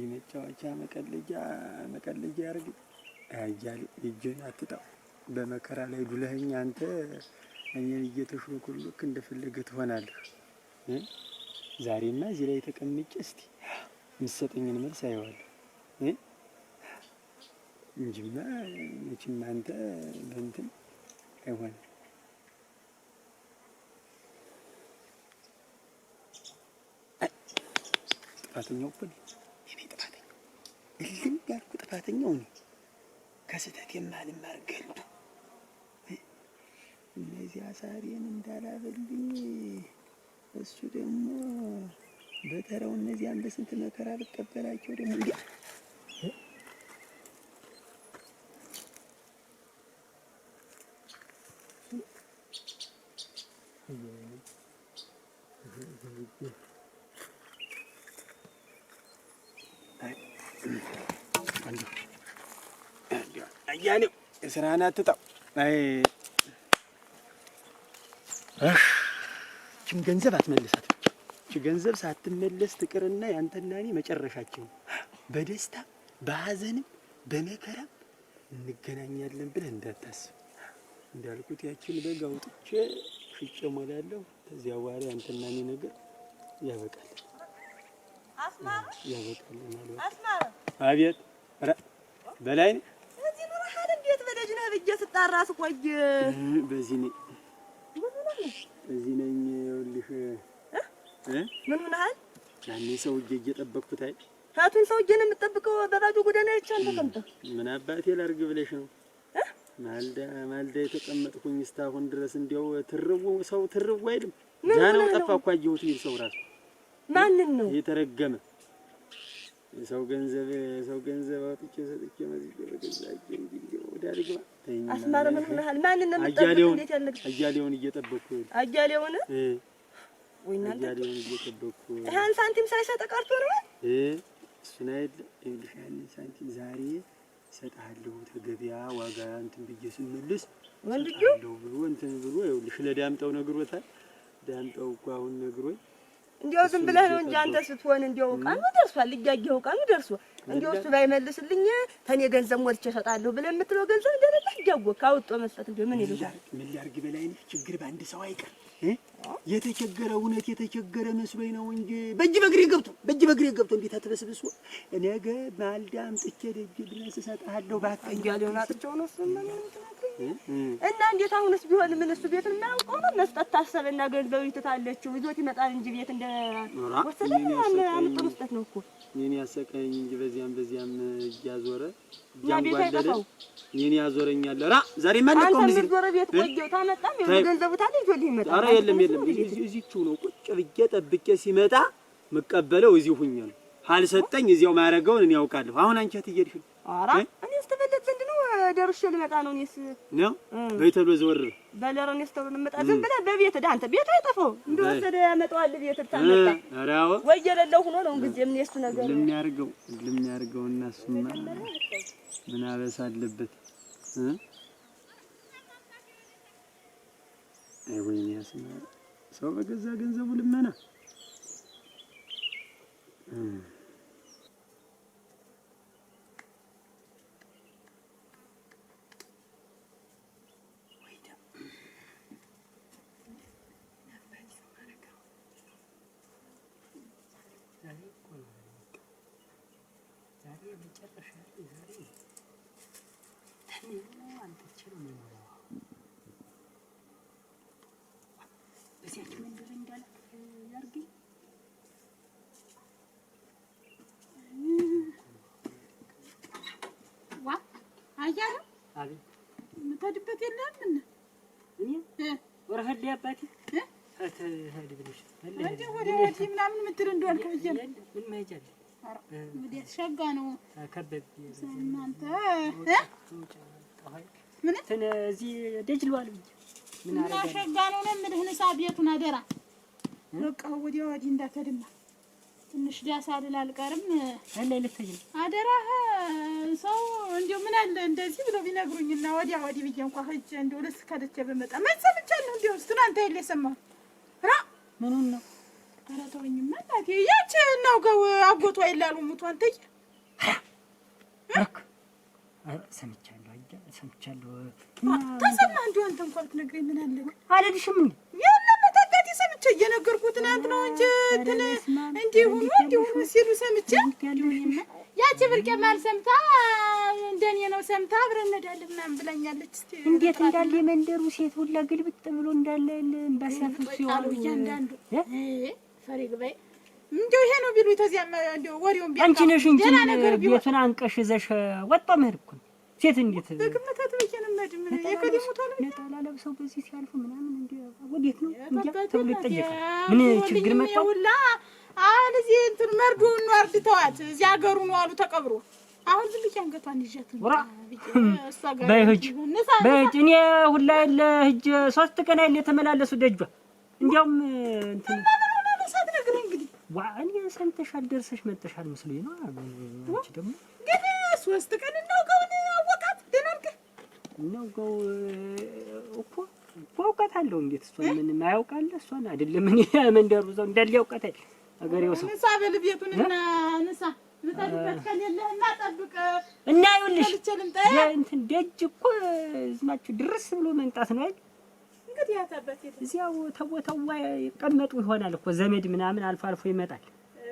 እንዲ መጫወቻ መቀለጃ መቀለጃ ያርግ አያሌ እጄን አትጣው በመከራ ላይ ዱለህኝ አንተ እኔን እየተሾለኮለክ እንደፈለገ ትሆናለህ። ዛሬማ እዚህ ላይ ተቀምጬ እስቲ የምትሰጠኝን መልስ አየዋለሁ እንጂማ መቼም አንተ በእንትን አይሆንም። ጥፋተኛው እኮ እልም ያልኩ ጥፋተኛው እኔ ከስህተት የማልማር ገልጡ እነዚህ አሳሬን እንዳላበልኝ እሱ ደግሞ በተራው እነዚያን በስንት መከራ ልቀበላቸው ደግሞ እንዲ Thank ወያኔው ስራህን አትጣው። ችም ገንዘብ አትመልሳት። ገንዘብ ሳትመለስ ትቅርና ያንተና እኔ መጨረሻችን በደስታ በሀዘንም በመከራም እንገናኛለን ብለህ እንዳታስብ። እንዳልኩት ያችን በግ አውጥቼ ሽጬ እሞላለሁ። ከዚያ በኋላ ያንተና እኔ ነገር ያበቃል ያበቃል። አቤት በላይ ብዬ ስጣራ ስቆይ በዚህ ነኝ በዚህ ነኝ። ይኸውልሽ ምን ሆነሃል? ያኔ ሰውዬ እየጠበቅኩት አይደል? ታቱን ሰውዬ ነው የምጠብቀው። በባዶ ጎዳና ይቻል ተቀምጠ ምን አባቴ ላድርግ ብለሽ ነው ማልዳ ማልዳ የተቀመጥኩኝ እስካሁን ድረስ እንዲያው ትርው ሰው ትርው አይልም። ዛናው ጠፋ እኮ አየሁት ይል ሰው ራሱ ማንን ነው የተረገመ ሰው ገንዘብ ሰው ገንዘብ አውጥቼ ሰጥቼ መዝገብ ገዛች እንግዲህ ወዳድግባ አስማረ ምን ሆነሃል? ማንን ነው የምትጠብቅ? እንዴት አያሌውን እየጠበኩ አያሌውን ወይ እናንተ አያሌውን እየጠበኩ ይሄን ሳንቲም ሳይሰጥ ቀርቶ ነው እ እሱን አይደል ይኸውልሽ፣ ያንን ሳንቲም ዛሬ እሰጥሃለሁ ተገቢያ ዋጋ እንትን ብዬ ስመልስ ወንድዩ ብሎ እንትን ብሎ ይኸውልሽ፣ ለዳምጠው ነግሮታል። ዳምጠው እኮ አሁን ነግሮኝ እንዲያው ዝም ብለህ ነው እንጂ አንተ ስትሆን እንዲያው ቀኑ ደርሷል፣ እያየኸው ቀኑ ደርሷል። እንዲያው እሱ ባይመልስልኝ ተኔ ገንዘብ ሞልቼ እሰጣለሁ ብለህ የምትለው ገንዘብ እንደረላ እያወቅህ አውጥቶ መስጠት እንዲያው ምን ይሉታል? ምን ላድርግ በላይ ችግር በአንድ ሰው አይቀር የተቸገረ እውነት የተቸገረ መስሎኝ ነው እንጂ በእጅ በእግሬ ገብቶ በእጅ በእግሬ ገብቶ እንዴት አትበስብሶ ነገ ማልዳም ጥቼ ደጅ ድረስ እሰጥሃለሁ። እባክህ እንጃ ሊሆን አጥቼው ነው እሱማ እና እንዴት አሁንስ ቢሆን ምን እሱ ቤቱን የማያውቀው ነው መስጠት ታሰበና ገንዘብ ይተታለችው ይዞት ይመጣል እንጂ ቤት እንደ ወሰደ አምጦ መስጠት ነው እኮ እኔን ያሰቀኝ እንጂ በዚያም በዚያም እያዞረ እያንጓደደ እኔን ያዞረኛል። ራ ዛሬ ማለቀው ምን ዞረ ቤት ቆየው ታመጣም ገንዘቡ ታለ ይዞልህ ይመጣል። ኧረ የለም የለም እዚህችው ነው ቁጭ ብዬ ጠብቄ ሲመጣ መቀበለው እዚሁ ሁኛል። ነው። ካልሰጠኝ እዚያው ማረገውን እኔ ያውቃለሁ። አሁን አንቺ አትየድሽ። ኧረ እኔ ደርሼ ልመጣ ነው። እኔስ ነው በይ ተብሎ ዘወር በል። ኧረ እኔስ ተብሎ ልመጣ ዝም ብለህ በቤትህ ዳንተ ቤትህ አይጠፋው እንደወሰደ ያመጣዋል። ቤትህ ታመጣ አራው ወይ የሌለው ሆኖ ነው እንግዲህ ምን የሱ ነገር ለሚያርገው ለሚያርገው እና እሱማ ምን አበሳ አለበት እ አይ ወይኔ ያስማ ሰው በገዛ ገንዘቡ ልመና አልሄዳለሁ። አቤት የምትሄድበት የለም። እና አባቴ ምናምን የምትል እንደሆነ ምን መሄጃ አለ? ሸጋ ነው እናንተ ምን እዚህ ደጅ ልዋል ብዬሽ እና ሸጋ ነው ነው የምልህ። ንሳ ቤቱን አደራ በቃ ወዲያ ወዲህ እንዳትሄድማ ትንሽ ዳሳ ልል አልቀርም አደራህ ሰው እንዲያው ምን አለ እንደዚህ ብሎ ቢነግሩኝና ወዲያ ወዲህ ብዬ እንኳ ሂጅ እንዲያው ልስከደቼ ብመጣ መሰምቻለሁ። እንዲያው እሱን አንተ የለ የሰማሁት ራ ምኑን ነው? ኧረ ተወኝማ እናቴ። ያቺ እናውገው አጎቷ ይላሉ ሙቷ አንተዬ ሰምቻለሁ ሰምቻለሁ። ተሰማ እንዲሁ እንዲሁ ሲሉ ሰምቼ ያቺ ብርቄማል ሰምታ እንደኔ ነው ሰምታ አብረን እንሄዳለን ምናምን ብላኛለች። እስቲ እንዴት እንዳለ የመንደሩ ሴት ሁላ ግልብጥ ብሎ እንዳለ በሰፍር ሲሆን እያንዳንዱ ፈሪ ግባይ እንደው ይሄ ነው ቢሉኝ ተዚያ እንደው ወሬውን አንቺ ነሽ እንጂ ቤቱን አንቀሽ ዘሽ ወጣ መርኩን ሴት እንዴት በግምታት በየንም መድም የከዲሙ ተሉ ነጠላ ለብሰው በዚህ ሲያልፉ ምናምን እንዴ ወዴት ነው እንዴ ተብሎ ይጠየቃል። ምን ችግር መጣው ሁላ አሁን እዚህ እንትን መርዶውን ነው አርድተዋት እዚህ ሀገሩ ነው አሉ ተቀብሮ። አሁን ዝም ብዬሽ አንገቷን ይዣት በይ ሂጅ በይ ሂጅ። እኔ ሁላ የለ ሂጅ ሶስት ቀን ያለ የተመላለሱ ደጇ እንዲያውም እንትን ሳትነግረኝ እንግዲህ ዋ እኔ ሰምተሻል ደርሰሽ መጥተሻል መስሎኝ ነው። አንቺ ደግሞ ግን ሶስት ቀን እናውቀውን አወቃት ደናንከ እናውቀው እኮ እኮ አለው። እንዴት እሷን ምን ማያውቃለ? እሷን አይደለም እኔ መንደሩ እዛው እንዳለ ያውቃታል። አገሬው ሰው ንሳ በል ቤቱንና ንሳ ልታድበት ከሌለህና ጠብቅ እና ይኸውልሽ እንትን ደጅ እኮ ዝማችሁ ድርስ ብሎ መምጣት ነው አይደል? እንግዲህ ያታበት እዚያው ተቦታው ይቀመጡ ይሆናል እኮ ዘመድ ምናምን አልፎ አልፎ ይመጣል።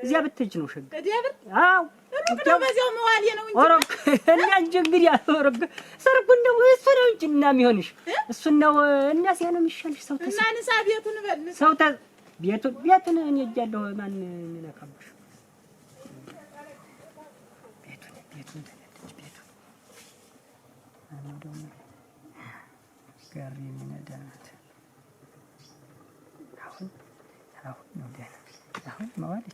እዚያ ብትሄጂ ነው ሸጋ ዲያብር አው ሰው ተሰው ቤቱን ቤትን እኔ እያለሁ ማን የሚነካብሽ? ቤቱን አሁን አሁን ነው ደህና አሁን መዋል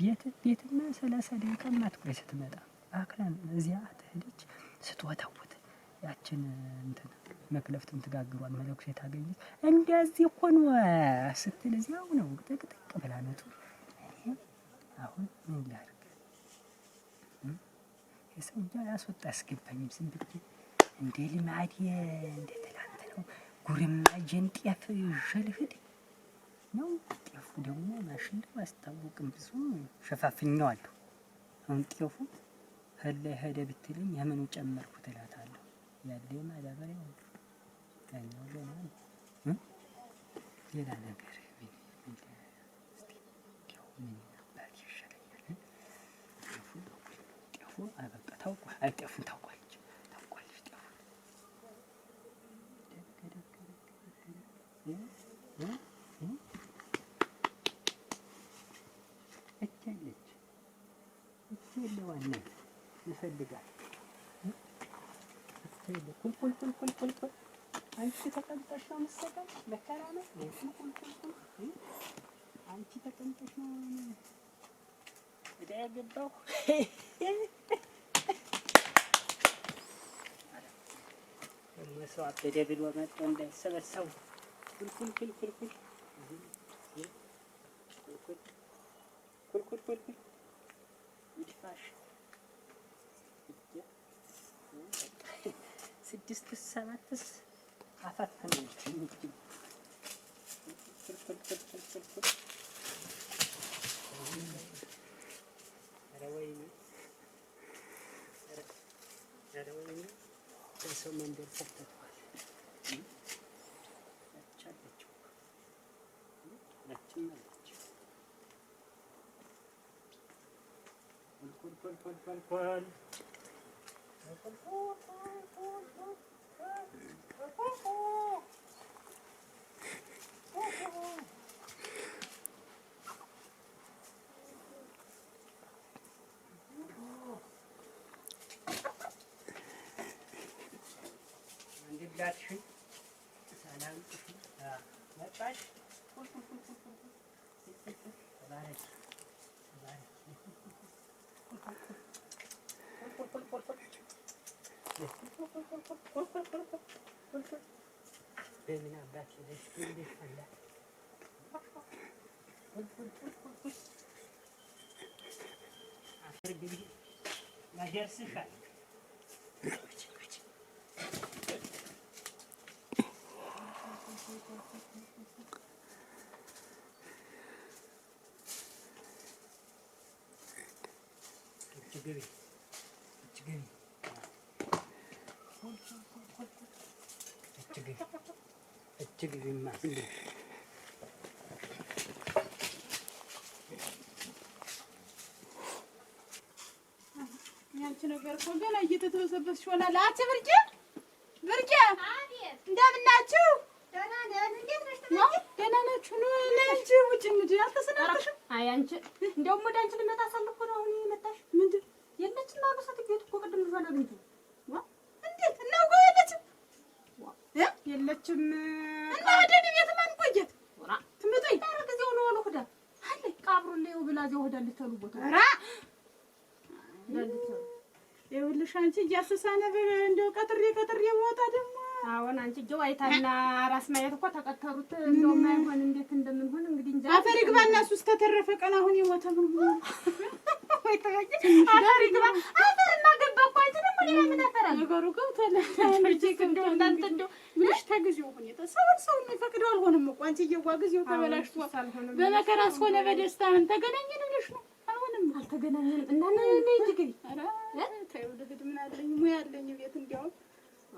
ቤት ቤትማ ሰላሳ ደቂቃ ማትቆይ ስትመጣ አክላን እዚያ ትሄደች ያችን እንትን መክለፍትም ትጋግሯል መለኩሴ ታገኘች እንደዚህ ሆኖ ስትል እዚያው ነው ጥቅጥቅ ብላነቱ። አሁን ምን ላድርግ? የሰው እንጃ ያስወጣ ያስገባኝም ዝም ብዬ እንደ ልማዴ እንደ ትላንት ነው ጉርማ ጀን ጤፍ ነው። ጤፉ ደግሞ ማሽን አስታወቅም ብዙ ሸፋፍኛዋለሁ። አሁን ጤፉ ህላይ ሄደ ብትልኝ የምኑ ጨመርኩ ትላታለሁ ያለ ማዳበሪያ ያኛው ገና ሌላ ነገር ጤፉ አበቃ ታውቋል። አይጤፉን ታውቋል። አንቺ ተቀምጠሽ ነው መሰቀል መከራ ነው። አንቺ ተቀምጠሽ ነው እዳ ያገባው መስዋዕት በደብል ወመጥ እንዳይሰበሰቡ ኩልኩል ኩልኩል ሰው መንደር ሰተቷል። ያቻለችው ያችን አለች። ኮልኮልኮልኮልኮል Benim abdestle hiçbir senle. Aferin bilgi. Najer sıfır. ግቢማ ያንቺ ነገር እኮ ገና እየተተበሰበስሽ ይሆናል። አንቺ ብርቄ ብርቄ፣ እንደምን ናችሁ? ደህና ናችሁ? ውጭ እንግዲህ አልተሰናበትሽም። አይ አንቺ እንደውም ወደ አንቺ ልመጣ ሳልኩ ነው አሁን የመጣሽ ምንድን የለችም አሉ ሰትቤት እኮ ቅድም የለችም እና አደን ቤት ማን ቆየት ትምጠኝ ታረ ጊዜው ነው ሁዳ አለ ዘው ሁዳ ቦታ ራ ይኸውልሽ አንቺ እያስሳነ እንደው ቀጥሬ ቀጥሬ ቦታ ደግሞ አሁን አንቺ ጆ አይታና ራስ ማየት እኮ ተቀተሩት እንደውም አይሆን እንዴት እንደምንሆን እንግዲህ እንጃ። አፈር ይግባ እና እሱ እስከተረፈ ቀን አሁን የሞተ ምን ሆነ? አፈር ይግባ አፈር እና ገባ እኮ አንቺ ደግሞ ሌላ ምን አፈራል ነገሩ ገብቷል። እንደው እናንተ እንደው ምንሽ ተግዚው ሁኔታ ሰውን ሰው የሚፈቅደው አልሆነም እኮ አንቺ እየዋ ጊዜው ተበላሽቷል። በመከራ እስሆነ በደስታ ምን ተገናኘን ብለሽ ነው? አልተገናኘንም። እና ነይ ግቢ። ተይው ልሂድ ምን አለኝ ሙያ አለኝ ቤት እንዲያውም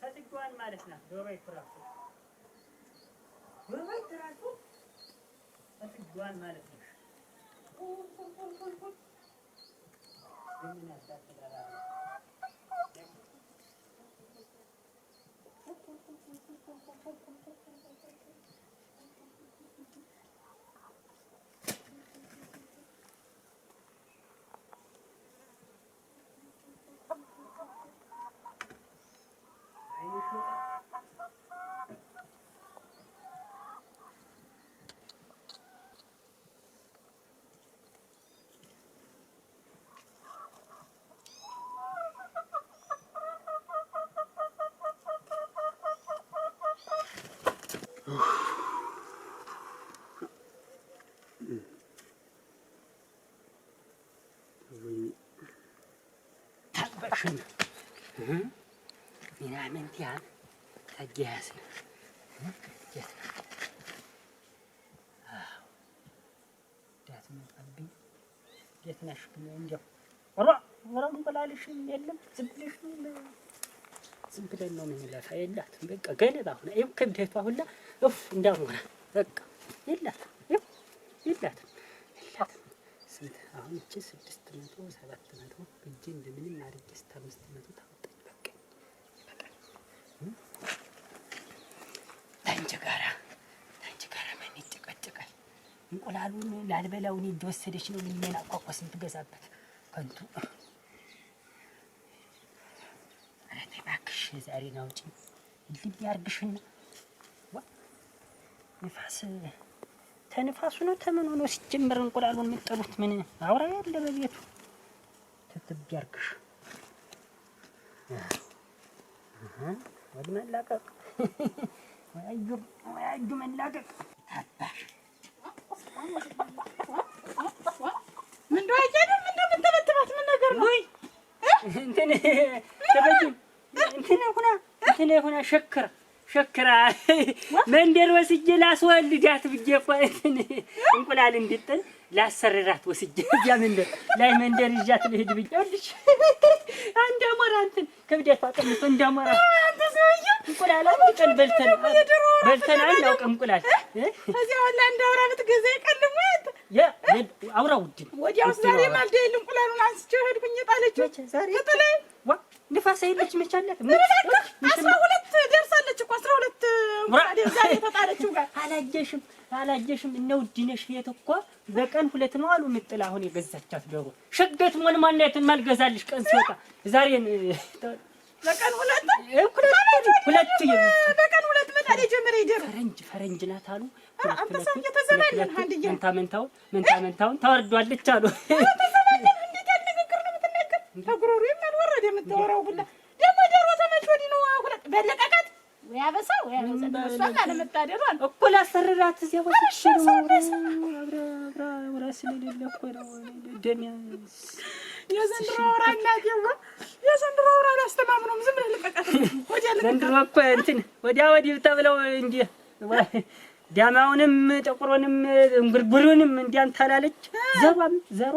ሰትጇን ማለት ናት። ዶሮ ይኩራሱ ዶሮ ይኩራሱ ሰትጇን ማለት ነው። ሽን ነሽ እንዲያው ወራ ወራ እንበላልሽም የለም ዝም ዝም ብለን ነው የላትም በቃ ገለባ ሁና ይኸው ክብደቷ ሁላ እፍ እንዳልሆነ በቃ የላትም የላትም አሁን እቺ ስድስት መቶ ሰባት መቶ ብዬ እንደምንም አድርጌ እስከ አምስት መቶ ታወጣኝ። በቃ ጋራ ታንቺ ጋራ ማን ይጨቀጨቃል? እንቁላሉን ላልበላውን እንደወሰደች ነው። ምን ምን አቋቋስ የምትገዛበት ከንቱ። ኧረ ተይ እባክሽ ዛሬ እንጂ ልብ ያርግሽና ንፋስ ተንፋሱ ነው ተመኑ ነው ሲጀመር እንቁላሉን የምትጠሉት ምን አውራ ያለ በቤቱ ትትብ ያርክሽ ወድ መላቀቅ ወያዩ መላቀቅ አባሽ ምንዶ አይደል ምንዶ የምትበትባት ምን ነገር ነው እንትን እንትን ሁና እንትን ሁና ሸክር ሸክራ መንደር ወስጄ ላስወልዳት ብዬ እኮ እንቁላል እንድጥል ላሰረራት ወስጄ እዚያ መንደር ላይ መንደር ይዣት ልሄድ ብዬ ልጅ አንድ አሞራ እንትን ከብደት አቀምቶ እንደ አሞራ እንቁላል አንጥጠን በልተን በልተን አናውቅም። እንቁላል እዚያ ሁላ እንዳውራ ብትገዛ ይቀልሙ አውራ ውድ ነው። ወዲያው ዛሬ ማልዳ የለም እንቁላሉን አንስቼው ሄድኩኝ። የጣለችው ንፋስ አይለች መቻላት አስራ ሁለት ደርሳለች እኮ አስራ ሁለት ተጣለችው ጋር አላየሽም? አላየሽም? እነ ውድነሽ እኮ በቀን ሁለት ነው አሉ ምጥል አሁን የገዛቻት ሸገት ሞን ማናየትን ማልገዛልሽ ቀን ሲወጣ ዛሬን በቀን ሁለት ሁለት በቀን ሁለት መጣል የጀመረ ፈረንጅ ፈረንጅ ናት አሉ መንታ መንታው መንታ መንታውን ታወርዷለች አሉ። ተጉሮሮ አልወረደ የምታወራው ሁላ ደግሞ ደሮ ተመች ወዲህ ነው በለቀቀት ያበሳው ያለመታደሉ እኮ ላሰርራት እዚያ የዘንድሮ አውራ እናቴ የዘንድሮ አውራ አላስተማምነውም። ዝም ብለህ ልቀቀት። ዘንድሮ እኮ እንትን ወዲያ ወዲህ ተብለው እንዲህ ዳማውንም ጥቁሩንም እንግርግሩንም እንዲያን ታላለች። ዘሯም ዘሯ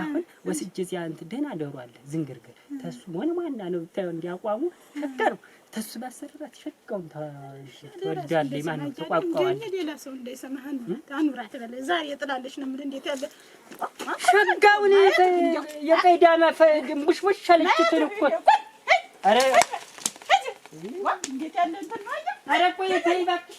አሁን ወስጄ እዚያ እንትን ደህና ደሩ አለ ዝንግርግር ተሱ ሆነ ማና ነው እንዲያቋሙ ሸጋሩ ተሱ ባሰራት ሸጋውን ተወልዳለች ማለት ነው። ተቋቋዋል ሌላ ሰው እንዳይሰማህን አኑራ ትበለ ዛሬ ጥላለች ነው ምን እንዴት ያለ ሸጋውን የቀይ ዳማ ፈድምሽ ወሻለች ትልኩት አረ እንዴት ያለ እንትን ነው አረ ቆይ ተይ እባክሽ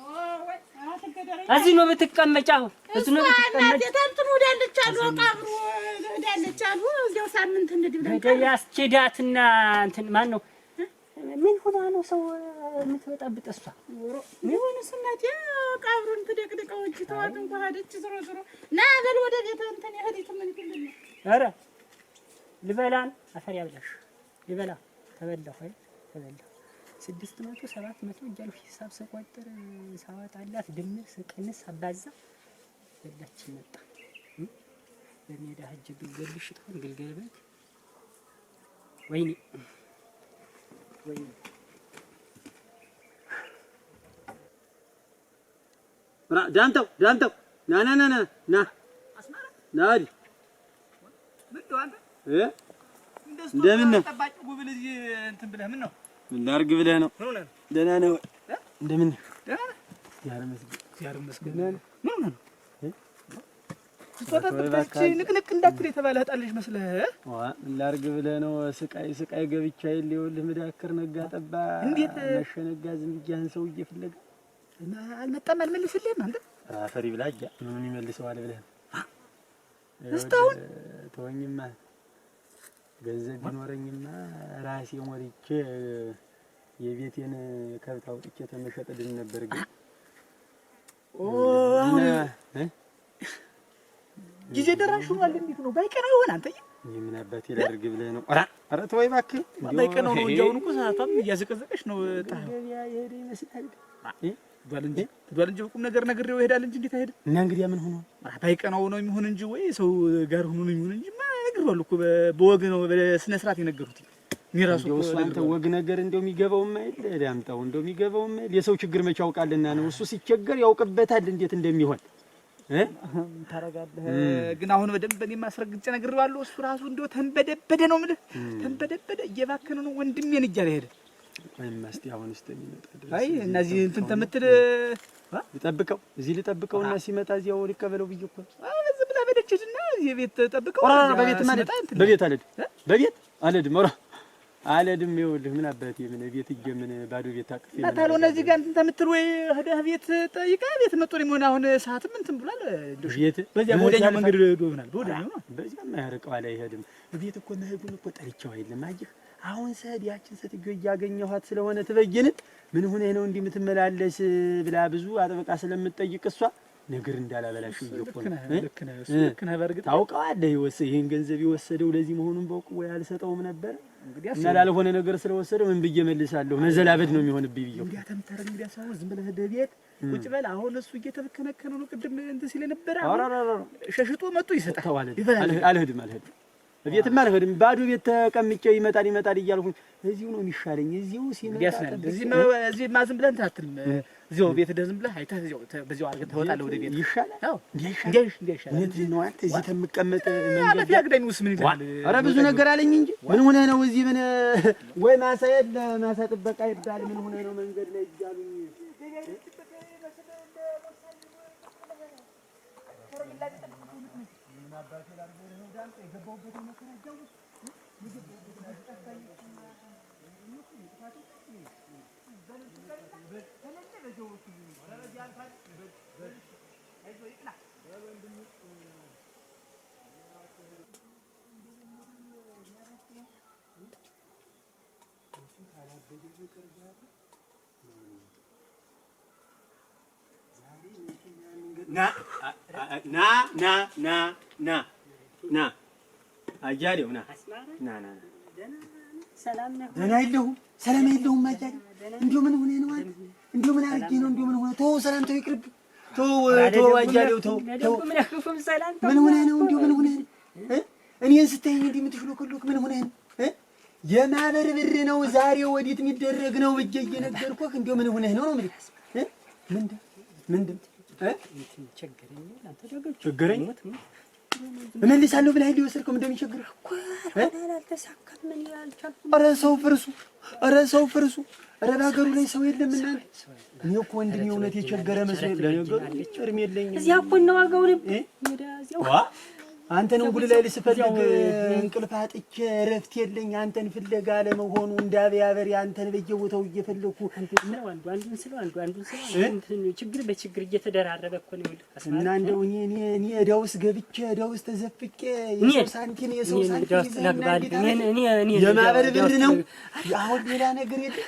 እዚህ ነው ብትቀመጭ፣ አሁን እዚህ ነው ብትቀመጭ። ተንትኑ ሄዳለች አሉ፣ ቀብሩ አሉ። እዚያው ሳምንት እንትን ማን ነው ምን ሆና ነው ሰው እሷ ስናት ቀብሩን ትደቅድቀዎች ተዋት እንኳ ሄደች። ና በል ወደ ቤት እንትን የህዲት ኧረ ልበላን አፈር ያብላሽ ልበላ ተበላሁ ስድስት መቶ ሰባት መቶ እያልኩ ሂሳብ ስቆጥር ሳወጣላት ድምር ስቀንስ አባዛ በላችን መጣ። በሜዳ ሂጅ ግልገል ልሽጥ ግልገል በግ ወይኔ ወይኔ ዳምጠው ዳምጠው ና ና ና ና ና ና እንደምን ነው? ምን ላድርግ ብለህ ነው? ደህና ነህ እንደምን ንቅንቅ እንዳትል የተባለ ህጣን ልጅ መስለህ ምን ላድርግ ብለህ ነው? ስቃይ ስቃይ ገብቻ የለ ይኸውልህ፣ ምዳክር ነጋ ጠባ አልመጣም አልመልስልህም። አንተ አፈሪ ብላ ይመልሰዋል ብለህ ነው ተወኝማ ገንዘብ ቢኖረኝማ ራሴ ሞልቼ የቤቴን ከብት አውጥቼ ተመሸጥ ድል ነበር። ግን ጊዜ ደራሽ ሆኗል። እንዴት ነው ባይቀር ይሆን አንተ? ምን አባቴ ላድርግ ብለህ ነው? ኧረ ኧረ ተወይ እባክህ። ባይቀር ነው እንጂ አሁን እኮ ሰዓቷም እያዘቀዘቀች ነው። የሄደ ይመስላል ትዷል እንጂ ትዷል እንጂ ቁም ነገር ነግሬው ይሄዳል እንጂ እንዴት አይሄድም። እና እንግዲያ ምን ሆኖ ባይቀናው ነው የሚሆን እንጂ ወይ ሰው ጋር ሆኖ ነው የሚሆን እንጂ ነግሬዋለሁ እኮ በወግ ነው በስነ ስርዓት የነገሩት። ሚራሱ እኮ አንተ ወግ ነገር እንደው ዳምጣው እንደው የሰው ችግር መቼ ያውቃልና ነው እሱ ሲቸገር ያውቅበታል እንዴት እንደሚሆን ታረጋለህ ግን አሁን በደንብ ነግሬዋለሁ። እሱ ራሱ እንደው ተንበደበደ ነው የምልህ ተንበደበደ፣ እየባከነ ነው ሄደ። እስኪ አሁን እስኪ የሚመጣ ድረስ አይ እነዚህ እንትን ተምትል ልጠብቀው እዚህ ሲመጣ እዚያው ልቀበለው እኮ ዝም ብላ የቤት ተጠብቀው በቤት ማለት በቤት አልሄድም፣ በቤት አልሄድም፣ ኧረ አልሄድም። ይኸውልህ ምን አባቴ ምን ቤት እጄ ምን ባዶ ቤት አቅፌ እና ታለው እነዚህ ጋር እንትን ተምትል ወይ ሄደህ ቤት ጠይቀህ ቤት መጦሪ መሆን አሁን ሰዓትም እንትን ብሏል። ቤት በዚያ በወዲያኛው መንገድ ሄዶ ይሆናል። በወዲያኛው ነው በዚያ ቤት እኮ መሄዱን እኮ ጠርቼው አይደለም አየህ አሁን ስሄድ ያችን ሴትዮ እያገኘኋት ስለሆነ ትበየንን ምን ሆነህ ነው እንዲህ የምትመላለስ ብላ ብዙ አጥብቃ ስለምትጠይቅ እሷ ነገር እንዳላበላሽ እየቆነ ታውቀዋለህ። ይወሰድ ይሄን ገንዘብ የወሰደው ለዚህ መሆኑን በውቅ ወይ አልሰጠውም ነበር እና ላልሆነ ነገር ስለወሰደው ምን ብዬ መልሳለሁ? መዘላበድ ነው የሚሆንብኝ ብዬ እንዴ ተምተር እንግዲህ አሳው ዝም ብለህ ቤት ቁጭ በል። አሁን እሱ እየተበከነከነ ነው። ቅድም እንትን ሲል ነበር። አሁን ሸሽጦ መጥቶ ይሰጣል። አልሄድም አልሄድም ቤትም አልሄድም። ባዶ ቤት ተቀምጬ ይመጣል ይመጣል እያልኩኝ እዚሁ ነው የሚሻለኝ። እዚሁ ሲመጣ እዚህ ነው እዚህ ማዝም ብለን ታትልም እዚሁ ቤት ደዝም ብለህ አይተህ እዚሁ በዚሁ አድርገህ ትወጣለህ ወደ ቤት ይሻላል። አዎ እንዴ ይሻላል። እዚህ ነው አንተ እዚህ ተምቀመጥ መንገድ ያግደኝ ውስጥ ምን ይላል? ኧረ ብዙ ነገር አለኝ እንጂ ምን ሆነህ ነው እዚህ? ምን ወይ ማሳ የለ ማሳ ጥበቃ ይባል ምን ሆነህ ነው መንገድ ላይ እያሉኝ ምን አባቴ ና ና ና ና ና አያሌው ና ና ና ደህና የለሁም ሰላም የለሁም። አያሌው እንደው ምን ሆነህ ነው አንተ? እንደው ምን አድርጌ ነው? እንደው ምን ሆነህ ተወው፣ ሰላም ተው፣ ይቅርብህ። ተወው ተወው፣ አያሌው ተወው። ምን ሆነህ ነው? እንደው ምን ሆነህ እኔን ስታየኝ እንዲህ የምትሽሎክሎክ ምን ሆነህ ነው? የማህበር ብር ነው ዛሬ ወዴት የሚደረግ ነው ብዬ እየነገርኩህ እንደው ምን ሆነህ ነው ነው የምልህ ምንድን ምንድን ችግረኝ እመልሳለሁ ብለህ ሊወሰድከው እንደሚቸግርህ ኧረ ሰው ፍርሱ፣ ኧረ ሰው ፍርሱ፣ ኧረ በሀገሩ ላይ ሰው የለም። እና እኔ እኮ ወንድሜ እውነት የቸገረ መስሎኝ ለነገሩ እርም የለኝም። እዚያ እኮ ነው ዋጋው አንተን እንጉል ላይ ልስፈልግ እንቅልፍ አጥቼ እረፍት የለኝ አንተን ፍለጋ ለመሆኑ እንዳበያበር አንተን በየቦታው እየፈለኩ አንዱን ስለው አንዱ አንዱን ስለው ችግር በችግር እየተደራረበ እኮ ነው። እና እንደው እኔ እኔ ዕዳ ውስጥ ገብቼ ዕዳ ውስጥ ተዘፍቄ የሰው ሳንቲም የሰው ሳንቲም ይዘህ ብር ነው አሁን ሌላ ነገር የለም።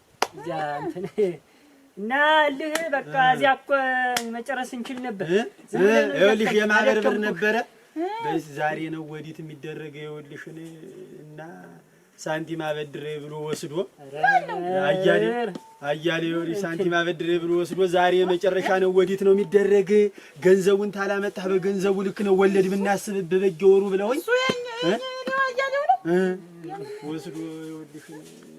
እዚያ እንትን እና እልህ በቃ እዚያ እኮ መጨረስ እንችል ነበር። ይኸውልሽ የማህበር ብር ነበረ ዛሬ ነው ወዲት የሚደረገ ይኸውልሽን እና ሳንቲም አበድሬ ብሎ ወስዶ አያሌ አያሌ ይኸውልሽ ሳንቲም አበድሬ ብሎ ወስዶ ዛሬ መጨረሻ ነው ወዲት ነው የሚደረግ። ገንዘቡን ታላመጣህ በገንዘቡ ልክ ነው ወለድ ብናስብህ በበጌ ወሩ ብለውኝ ወስዶ ይኸውልሽ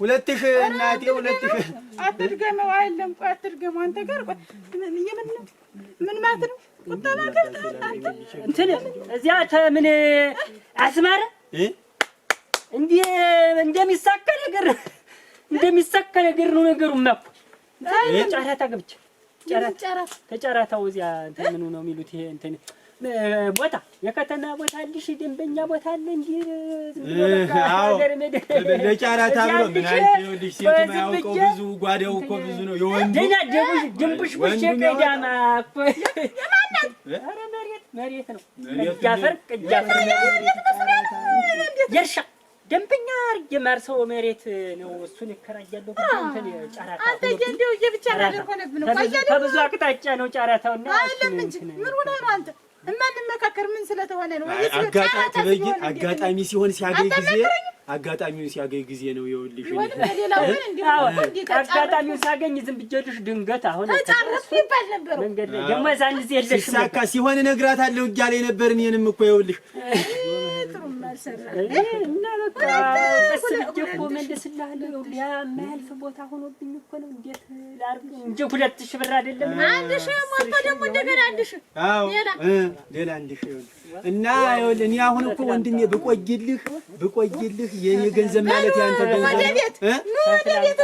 ሁለት ሺህ እናቴ ሁለት ሺህ አትድገመው። አይደለም ቆይ አትድገመው። አንተ ጋር ቆይ የምን ምን ማለት ነው? ቁጠባ ገብተሃል አንተ እንትን እዚያ ተምን አስማረ እንዲህ እንደሚሳካ ነገር እንደሚሳካ ነገር ነው ነገሩ እኮ ጨራታ ገብቼ ጨራታ ተጨራታው እዚያ እንትን ምኑ ነው የሚሉት ይሄ እንትን ቦታ የከተማ ቦታ አለሽ፣ የደንበኛ ቦታ አለ። እንዲህ ለጫራታ ብሎ ብዙ ጓዳው እኮ ብዙ ነው። የወንዱ ደና ደቡሽ ቀዳማ መሬት ነው። ቅጃፈር ቅጃፈር የእርሻ ደንበኛ አድርጌ ማርሰው መሬት ነው። እሱን እከራያለሁ። ጫራታ ከብዙ አቅጣጫ ነው ጫራታውና አይደለም ምን ሆነ ነው አንተ መካከር ምን ስለተሆነ ነው? አጋጣሚ ሲሆን ሲያገኝ ጊዜ አጋጣሚውን ሲያገኝ ጊዜ ነው የወልሽ። አጋጣሚውን ሲያገኝ ዝም ብዬሽ ድንገት አሁን ደግሞ የዛን ጊዜ የለሽም ሲሳካ ሲሆን እነግራታለሁ እኮ የወልሽ የማያልፍ ቦታ ሆኖብኝ እኮ ነው። እንዴት ላድርግ እንጂ ሁለት ሺህ ብር አይደለም አንድ ሺህ ሞቶ ደግሞ እንደገና አንድ ሺህ አዎ፣ ሌላ አንድ ሺህ እና ይኸውልህ እኔ አሁን እኮ ወንድሜ ብቆይልህ ብቆይልህ የኔ ገንዘብ ማለት ያንተ ገንዘብ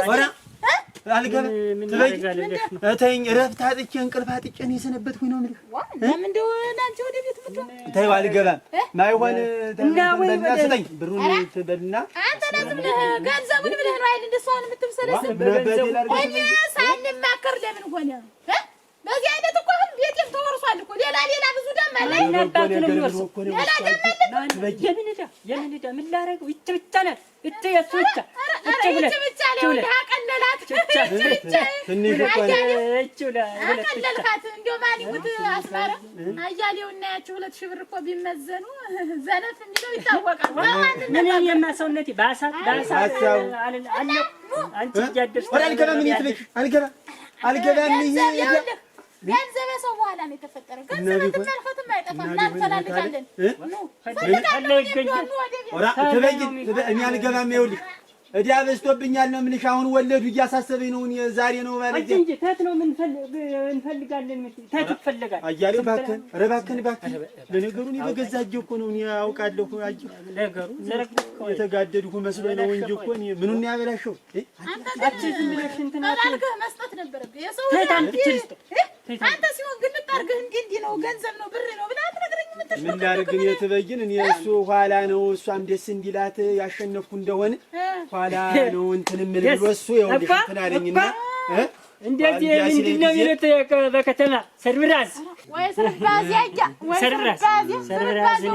አልገበተኝ እረፍት አጥቼ እንቅልፍ አጥቼ ነው የሰነበትኩኝ ነው አልገባም። ማይሆን ስጠኝ ብሩን ትበልና ገንዘቡን ብለህ ነው እንደሷን ለምን ሆነ በዚህ አይነት የጤፍ ተወርሷል እኮ ሌላ ሌላ ብዙ ደም አለ። ሌላ ደም አለ። የምን ዕዳ የምን ዕዳ ምን ላደርገው? ይቺ ብቻ ናት። ይቺ የእሱ ብቻ ይቺ ብቻ አቀለላት። አቀለልካት። እንደው ማሊሙት አስማረ አያሌው እና ያቺ ሁለት ሺህ ብር እኮ ቢመዘኑ ዘነፍ የሚለው ይታወቃል። ምን የማሰውነቴ በሀሳብ በሀሳብ አንቺ እያደርሽ አልገባም። እኔ ትልሽ አልገባም። ይሄ ገንዘብ ሰው በኋላ ነው እዳ በዝቶብኛል ነው የምልሽ። አሁን ወለዱ እያሳሰበኝ ነው። ዛሬ ነው ማለት እንጂ ተት ነው እንፈልጋለን። ተት ይፈለጋል አያሌው። እባክህን፣ ኧረ እባክህን፣ እባክህን። ለነገሩ እኔ በገዛ እጄ እኮ ነው አውቃለሁ። የተጋደድኩ መስሎ ነው እንጂ እኮ ምኑን ያበላሸው አንተ። ዝም ብለሽ እንትን አትልም። መስጠት ነበረብህ የሰው አንተ ሲሆን ግን ልታርግህ እንዲህ እንዲህ ነው ገንዘብ ነው ብር ነው ብለህ አትነግረኝም። ምን ላድርግ ግን የትበይን እኔ እሱ ኋላ ነው እሷም ደስ እንዲላት ያሸነፍኩ እንደሆነ ኋላ ነው እንትን የምልህ ብሎ እሱ ይኸውልሽ እንትን አለኝና እንደዚህ ምንድን ነው የሚሉት በከተማ ሰርብራዝ ሰርብራዝ ሰርብራዝ ሰርብራዝ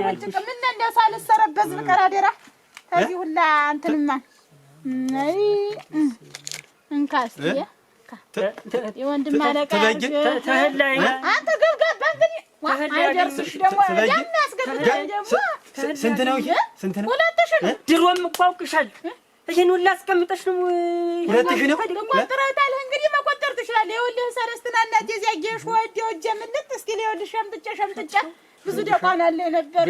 ለካ የወንድም አለቃ ድሮም እኮ አውቅሻለሁ። ይሄን ሁላ አስቀምጠሽ ነው ሁለት ሺህ ነው ቆጥረታል። እንግዲህ መቆጠር ትችላለህ። ይኸውልህ ሰረስትና እናቴ እዚያ ጌሾ ወዲያ ወጀ ምንት እስኪ ይኸውልሽ ሸምጥጫ ሸምጥጫ ብዙ ደቋን አለ ነበር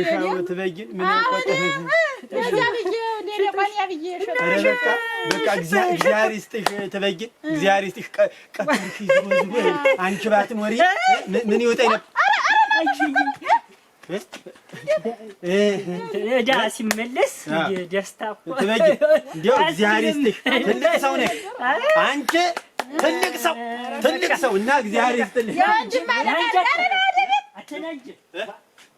እግዚአብሔር ይስጥሽ ተበጊ እግዚአብሔር ይስጥሽ። አንቺ ባትም ወሬ ምን ይወጣኝ ነበር እዳ ሲመለስ ደስታ ተበጊ። እንዲያው እግዚአብሔር ይስጥሽ ትልቅ ሰው ነሽ አንቺ ትልቅ ሰው ትልቅ ሰው እና እግዚአብሔር ይስጥልሽ።